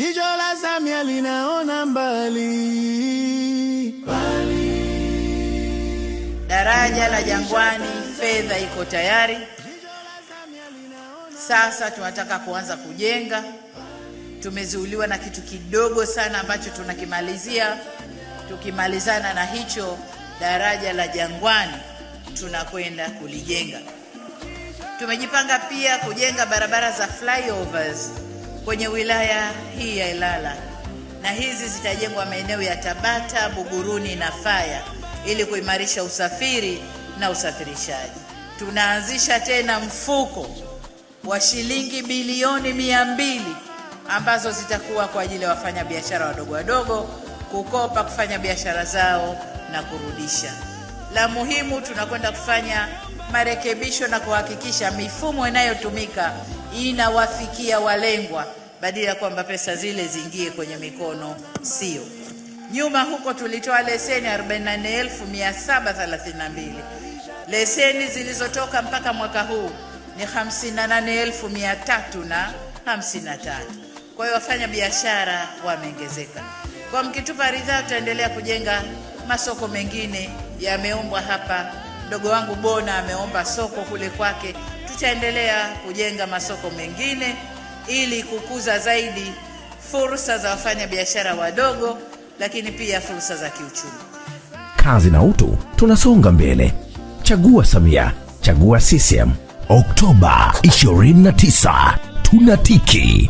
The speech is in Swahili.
Jicho la Samia linaona mbali mbali. Daraja la Jangwani, fedha iko tayari, sasa tunataka kuanza kujenga. Tumezuiliwa na kitu kidogo sana ambacho tunakimalizia. Tukimalizana na hicho daraja la Jangwani, tunakwenda kulijenga. Tumejipanga pia kujenga barabara za flyovers kwenye wilaya hii ya Ilala, na hizi zitajengwa maeneo ya Tabata, Buguruni na Faya ili kuimarisha usafiri na usafirishaji. Tunaanzisha tena mfuko wa shilingi bilioni mia mbili ambazo zitakuwa kwa ajili ya wafanyabiashara wadogo wadogo kukopa kufanya biashara zao na kurudisha. La muhimu tunakwenda kufanya marekebisho na kuhakikisha mifumo inayotumika inawafikia walengwa badala ya kwamba pesa zile ziingie kwenye mikono sio. Nyuma huko tulitoa leseni 44732 leseni zilizotoka mpaka mwaka huu ni 58353. Kwa hiyo wafanya biashara wameongezeka. Kwa mkitupa ridhaa, tutaendelea kujenga masoko mengine yameumbwa hapa mdogo wangu Bona ameomba soko kule kwake. Tutaendelea kujenga masoko mengine ili kukuza zaidi fursa za wafanyabiashara wadogo, lakini pia fursa za kiuchumi. Kazi na utu, tunasonga mbele. Chagua Samia, chagua CCM. Oktoba 29 tunatiki.